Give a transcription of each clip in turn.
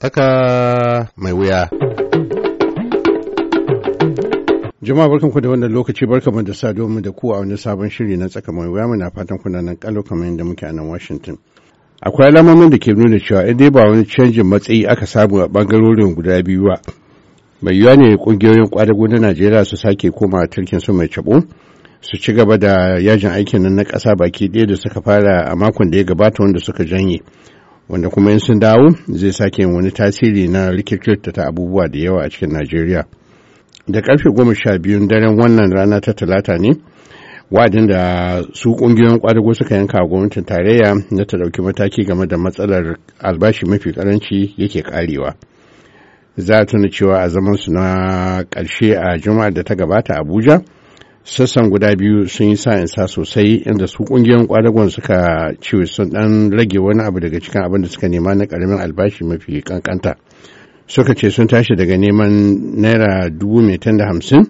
Tsaka mai wuya. Jama'a barkanku da wannan lokaci mu da saduwa mu da ku a wani sabon shiri na tsaka mai wuya muna fatan kuna nan kallo kamar yadda muke a nan Washington. Akwai alamomin da ke nuna cewa in dai ba wani canjin matsayi aka samu a bangarorin guda biyu ba. Mai yiwuwa ne kungiyoyin kwadago na Najeriya su sake koma turkin su mai cabo su ci gaba da yajin aikin nan na ƙasa baki ɗaya da suka fara a makon da ya gabata wanda suka janye. wanda kuma in sun dawo zai sake wani tasiri na rikirkirta ta abubuwa da yawa a cikin najeriya da karfe goma sha biyun daren wannan rana ta talata ne wa'adin da su kungiyoyin kwadago suka yanka a gwamnatin tarayya na ta ɗauki mataki game da matsalar albashi mafi karanci yake karewa za a tuna cewa a zaman su na ƙarshe a juma'a da ta gabata abuja sassan guda biyu sun yi sa sosai inda su kungiyoyin kwadagon suka ce sun dan rage wani abu daga cikin abin da suka nema na karamin albashi mafi kankanta suka ce sun tashi daga neman naira dubu mai hamsin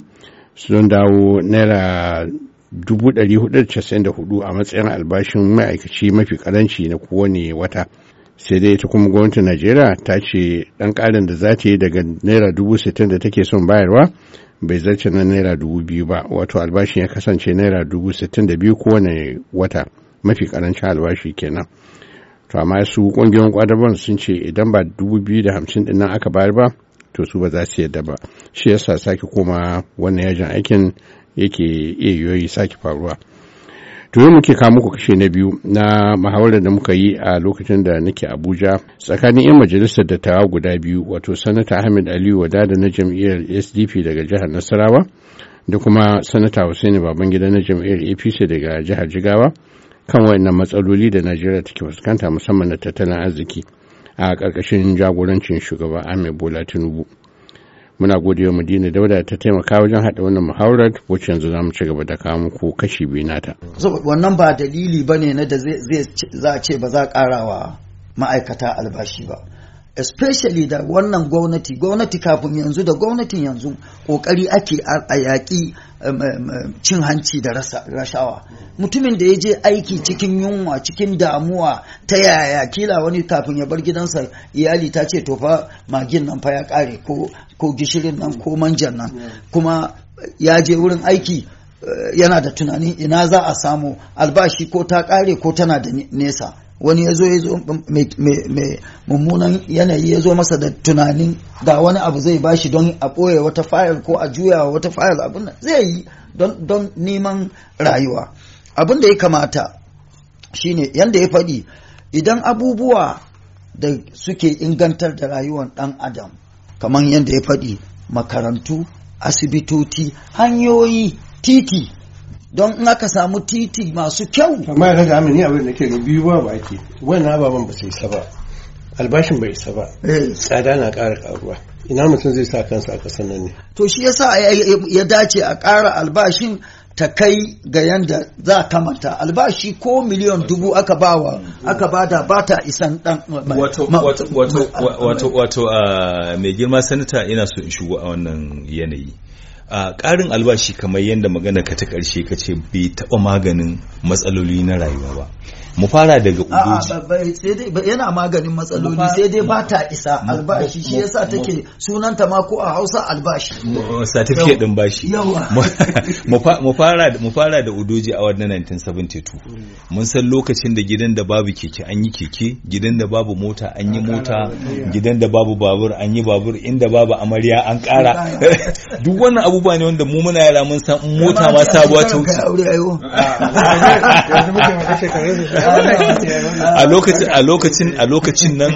sun dawo naira dubu da hudu a matsayin albashin ma'aikaci mafi karanci na kowane wata sai dai ita kuma gwamnatin najeriya ta ce dan karin da za ta yi daga naira dubu sittin da take son bayarwa bai zarce na naira dubu biyu ba wato albashin ya kasance naira dubu sittin da biyu kowane wata mafi karancin albashi kenan to amma su kungiyoyin kwadaban sun ce idan ba dubu biyu da hamsin din nan aka bayar ba to su ba za su yadda ba shi yasa sake koma wannan yajin aikin yake iya yoyi sake faruwa to yau muke kawo muku kashe na biyu na muhawarar da muka yi a lokacin da nake abuja tsakanin 'yan majalisar dattawa guda biyu wato sanata ahmed aliyu wadada na jam'iyyar sdp daga jihar nasarawa da kuma sanata hussaini babangida na jam'iyyar apc daga jihar jigawa kan wayannan matsaloli da najeriya take fuskanta musamman na tattalin arziki a ƙarƙashin jagorancin shugaba ahmed bola tinubu muna gode wa madina dauda ta taimaka wajen haɗa wannan muhawarar wacce yanzu za mu ci gaba da kawo muku kashi biyu nata wannan ba dalili ba ne na da zai za a ce ba za a ƙara wa ma'aikata albashi ba especially da wannan gwamnati gwamnati kafin yanzu da gwamnatin yanzu ƙoƙari ake a yaƙi um, um, um, cin hanci da rashawa mutumin da ya je aiki cikin yunwa cikin damuwa ta yaya kila wani kafin ya bar gidansa iyali ta ce to fa magin nan fa ya kare ko gishirin nan ko manjan nan kuma ya je wurin aiki eh, yana da tunanin ina za a samu albashi ko ta kare ko tana da nesa wani ya zo mai mummunan yanayi ya zo masa da tunanin ga wani abu zai bashi don a ɓoye wata fayil ko a juya wata fayil abin zai yi don neman rayuwa abin da ya kamata shine yadda ya faɗi idan abubuwa da suke ingantar da rayuwar ɗan adam kamar yadda ya faɗi makarantu asibitoci hanyoyi titi don in aka samu titi masu kyau amma ya kaga amini abin da ke ga biyu ba ake wannan ababen ba isa saba albashin bai isa ba eh. tsada na ƙara ƙaruwa ina mutum zai sa kansa a ƙasar nan ne to shi yasa ya dace a ƙara albashin ta kai ga yanda za ta manta albashi ko miliyan dubu aka bawa aka bada ba ta isan dan wato wato wato wato mai girma sanata ina so in shigo a wannan yanayi a ƙarin albashi kamar yadda magana ka ta ƙarshe ka ce bai taɓa maganin matsaloli na rayuwa ba mu fara daga udoji yana maganin matsaloli sai dai ba ta isa albashi shi yasa take sunanta ma ko a hausa albashi certificate din bashi mu fara da udoji a wannan 1972 mun san lokacin da gidan da babu keke an yi keke gidan da babu mota an yi mota gidan da babu babur an yi babur inda babu amarya an kara duk wannan abubuwa ne wanda mu muna yara mun san mota ma sabuwa ta wuce a lokacin a lokacin a lokacin nan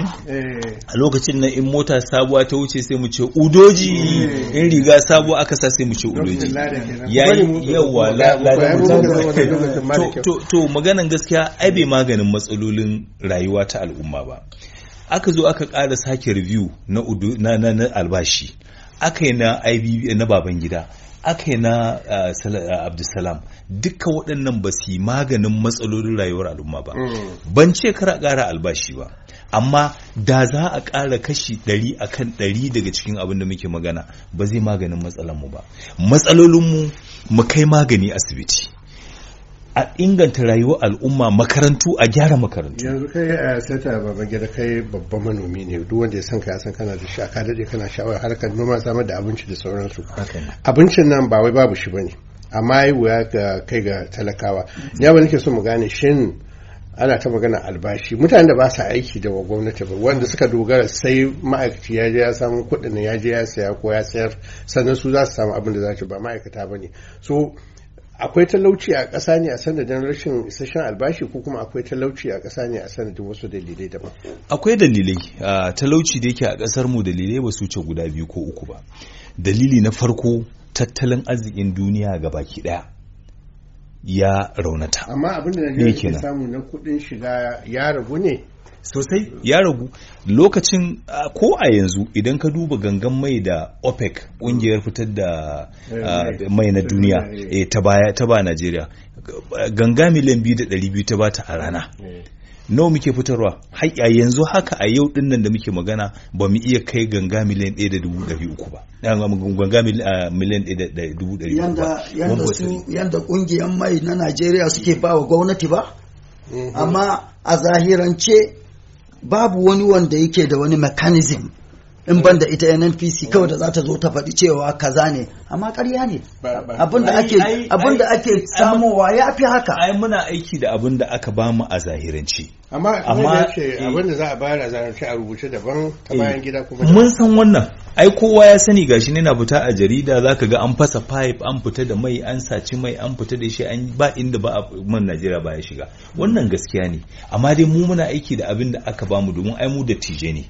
a lokacin nan in mota sabuwa ta wuce sai mu ce udoji in riga sabuwa aka sa sai mu ce udoji yayi yawa to to maganan gaskiya ai bai maganin matsalolin rayuwa ta al'umma ba aka zo aka ƙara sake review na albashi aka yi na ibb na baban gida aka yi na uh, uh, abdulsalam duka waɗannan ba su yi maganin matsalolin rayuwar al'umma ba mm. ban ce kara ƙara albashi ba amma da za a ƙara kashi ɗari a kan ɗari daga cikin abin da muke magana ba zai maganin matsalanmu ba matsalolinmu mu kai magani asibiti a inganta rayuwar al'umma makarantu a gyara makarantu yanzu kai a eh, sata baban gida kai babban manomi ne duk wanda ya san ka ya san kana da shi ka dade kana sha'awar harkar noma samar da abinci da sauransu abincin nan ba wai babu shi bane amma yi wuya ga kai ga talakawa ya ba nake so mu gane shin ana ta magana albashi mutane da ba sa aiki da wa gwamnati ba wanda suka dogara sai ma'aikaci ya je ya samu kuɗin ya je ya saya ko ya sayar sannan su za su samu abin da za su ba ma'aikata ba ne so akwai talauci a ƙasa ne a sanadin rashin isasshen albashi ko kuma akwai talauci a ƙasa ne a sanadin wasu dalilai daban akwai dalilai talauci da yake a ƙasar mu dalilai ba su wuce guda biyu ko uku ba dalili na farko tattalin arzikin duniya ga baki ɗaya ya raunata amma abin da Najeriya samu na kuɗin shiga ya ragu ne sosai ya ragu lokacin ko a yanzu idan ka duba gangan mai da opec kungiyar fitar da mai na duniya eh, ta ba nigeria ganga miliyan biyu da ɗari biyu ta bata a rana nawa muke fitarwa har yanzu haka a yau din nan da muke magana ba mu iya kai ganga miliyan ɗaya da dubu ɗari uku ba ganga miliyan ɗaya da dubu ɗari uku ba yanda ƙungiyar mai na nigeria suke ba wa gwamnati ba Eh, eh. amma a zahirance babu wani wanda yake da wani mechanism in ban da ita nnpc kawai da za ta zo ta faɗi cewa kaza ne amma ƙarya ne abin da ake samowa ya fi haka ai muna aiki da abin da aka bamu a zahiranci amma eh, abin da za a bayar a zahiranci a rubuce daban ta eh, bayan gida kuma mun san wannan ai kowa ya sani gashi ne na fita a jarida za ka ga an fasa pipe an fita da mai an saci mai an fita da shi an ba inda ba man Najeriya ba ya shiga wannan gaskiya ne amma dai mu muna aiki da abin da aka bamu domin ai mu da tije ne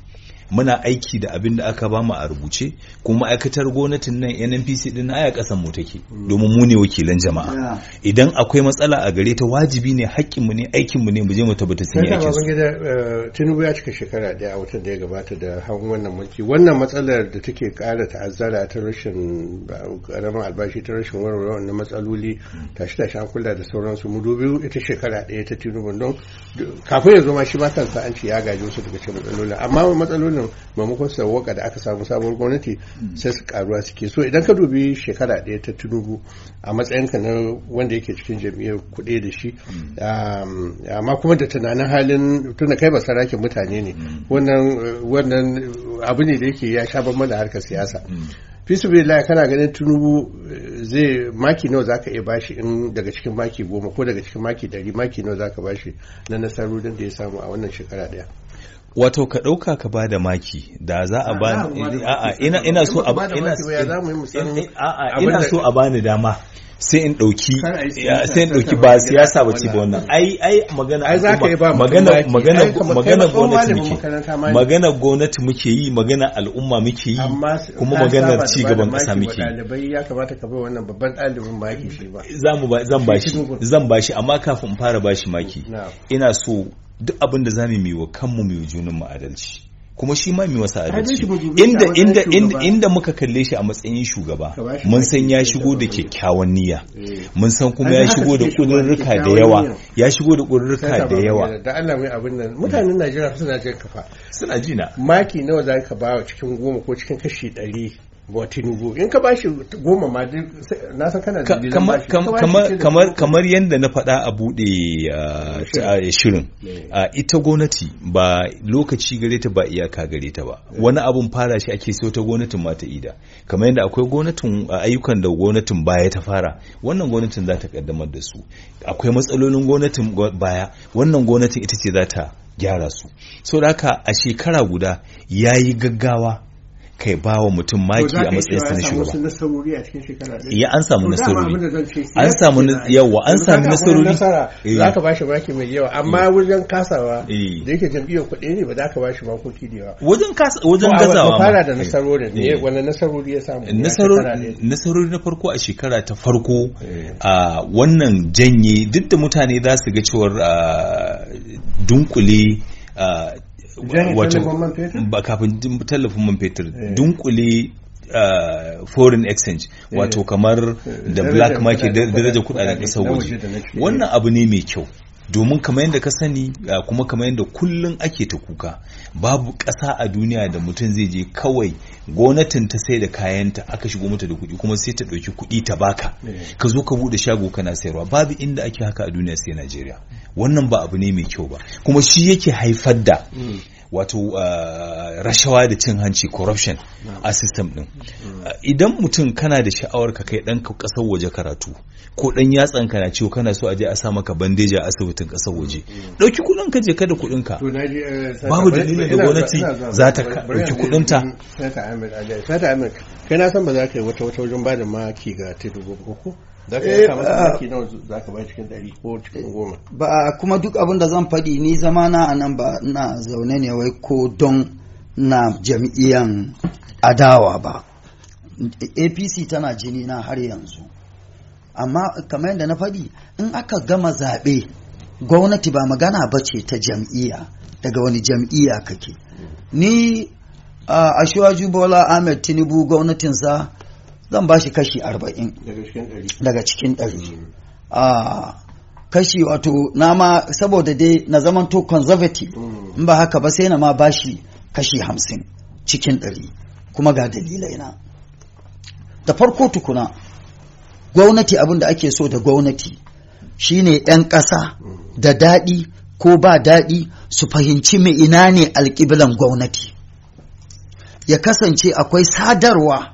muna aiki da abin da aka bamu a rubuce kuma ma'aikatar gwamnatin nan NNPC din aya kasan mu take domin mu ne wakilan jama'a idan akwai matsala a gare ta wajibi ne haƙƙin mu ne aikin mu ne mu je mu tabbata sun yi sai da eh, Tinubu ya cika shekara daya a watan da ya gabata da hawan wannan mulki wannan matsalar da take kara ta'azzara ta rashin karamin eh, albashi ta rashin warware na matsaloli tashi tashi an kula da sauransu mu dubi ita shekara daya ta Tinubu don kafin ya zo ma shi ma kansa an ce ya gaji wasu daga cikin matsalolin amma matsalolin nan maimakon sawwaka da aka samu sabuwar gwamnati sai su karuwa suke so idan ka dubi shekara ɗaya ta tunubu a matsayinka na wanda yake cikin jam'iyyar kuɗe da shi amma kuma da tunanin halin tuna kai ba sarakin mutane ne wannan abu ne da yake ya sha bambam da harkar siyasa fisibilai kana ganin tunubu eh, zai maki nawa za ka iya bashi in daga cikin maki goma ko daga cikin maki dari maki nawa za ka bashi na nasarorin da ya samu a wannan shekara daya wato ka ɗauka ka ba da maki da za a ba ina ina so a ina ina so a bani dama sai in ɗauki sai in ɗauki ba siyasa ba ce ba wannan ai ai magana magana magana magana gwamnati muke magana gwamnati muke yi magana al'umma muke yi kuma magana ci gaban ƙasa muke yi ya kamata ka bai wannan babban ɗalibin yake shi ba zan ba shi zan ba shi amma kafin fara ba shi maki ina so duk abin da zamu yi wa kanmu mu yi junan mu adalci kuma shi ma mai wasa adalci inda inda inda muka kalle shi a matsayin shugaba eh. mun san ya shigo da kyakkyawan niyya mun san kuma ya shigo da kudurruka da yawa ya shigo da kudurruka da yawa da Allah mai abin nan mutanen Najeriya suna jin kafa suna jina maki nawa za ka ba cikin goma ko cikin kashi ɗari wa tinubu in ka bashi goma ma na san kana da kamar kamar kamar yanda na faɗa a buɗe shirin ita gwamnati ba lokaci gare ta ba iyaka gare ta ba wani abun fara shi ake so ta gwamnatin ma ta ida kamar yadda akwai gwamnatin ayyukan da gwamnatin baya ta fara wannan gwamnatin za ta kaddamar da su akwai matsalolin gwamnatin baya wannan gwamnatin ita ce za ta gyara su so da haka a shekara guda yayi gaggawa kai ba wa mutum maki a matsayin sa na shugaba ya an samu nasarori an samu yawa an samu nasarori eh. za ka ba shi maki mai yawa amma eh. wajen kasawa da eh. yake jam'iyyar kuɗi ne ba za ka ba shi makoki da yawa wajen kasa wajen gazawa ba fara da nasarori ne wannan nasarori ya samu nasarori na farko a shekara ta farko a wannan janye duk da mutane za su ga cewar dunkule wato kafin tallafin man fetur eh. dunkule Uh, foreign exchange eh. wato kamar eh, da black market daraja kudaden kasar waje wannan abu ne mai kyau domin kamar yadda ka sani kuma kamar yadda kullum ake ta kuka babu ƙasa a duniya da mutum zai je kawai gwamnatin ta sai da kayanta aka shigo mata da kuɗi kuma sai ta ɗauki kuɗi ta baka eh. ka zo ka buɗe shago kana sayarwa babu inda ake haka a duniya sai Najeriya wannan ba abu ne mai kyau ba kuma shi yake haifar da mm. wato ah, rashawa da cin hanci corruption a system din mm. ah, idan mutum kana da sha'awar ka kai dan ƙasar waje karatu ko ɗan yatsan ka na ciwo kana so a je a sa maka bandeja a asibitin ƙasar waje mm, mm. ɗauki kudin ka je kada kudin ka babu dalilin da gwamnati za ta dauki kudin ta sata amir kai na san ba za ka yi wata wata wajen ba da maki ga tudu ko Eh, ba kuma duk abin da zan faɗi ni zama na a nan ba na zaune ne wai ko don na jam'iyyan adawa ba apc tana jini na har yanzu amma kamar yadda na faɗi in aka gama zaɓe gwamnati ba magana ba ce ta jam'iyya daga wani jam'iyya kake ni a shiwaju bola ahmed tinubu gwamnatinsa zan ba shi kashi arba'in daga cikin ɗari a hmm. ah, kashi wato na ma saboda dai na zaman to conservative hmm. in ba haka ba sai na ma ba shi kashi hamsin cikin ɗari kuma ga dalilai na da farko tukuna gwamnati abin da ake so da gwamnati shine 'yan ƙasa hmm. da daɗi ko ba daɗi su fahimci mai ina ne alƙiblan gwamnati ya kasance akwai sadarwa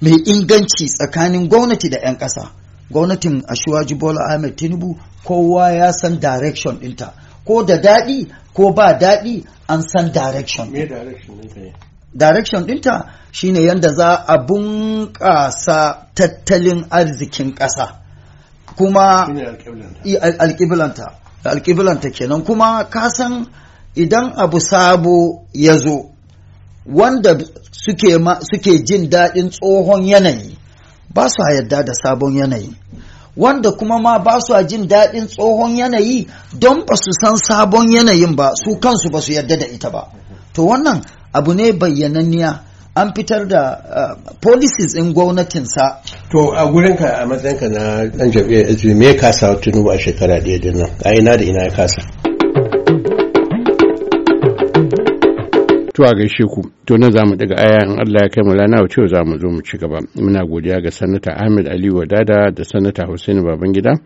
mai inganci tsakanin gwamnati da 'yan ƙasa gwamnatin ashuwaji bola ahmed tinubu kowa ya san direction ɗinta ko da daɗi ko ba daɗi an san direction direction ɗinta shine yadda za a bunƙasa tattalin arzikin ƙasa kuma alƙiblanta kenan kuma kasan idan abu sabo ya zo wanda suke jin daɗin tsohon yanayi ba su yarda da sabon yanayi wanda kuma ma ba su jin daɗin tsohon yanayi don ba su san sabon yanayin ba su kansu ba su yarda da ita ba to wannan abu ne bayyananniya an fitar da uh, policies in gwamnatinsa. To a gurinka a matsayinka na ɗan jam'iyyar me ya kasa tunu a shekara ɗaya da nan a ina da ina ya kasa? zuwa a gaishe ku, to za zamu daga aya in Allah ya kai mu lana cewa za mu zo mu ci gaba. Muna godiya ga sanata Ahmed Ali Wadada da sanata Hussein Babangida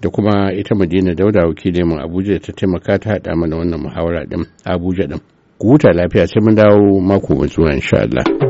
da kuma ita Madina Dauda wakilin mu Abuja ta taimaka ta haɗa mana wannan muhawara din Abuja din. Ku huta lafiya sai mun dawo mako mai zuwa insha Allah.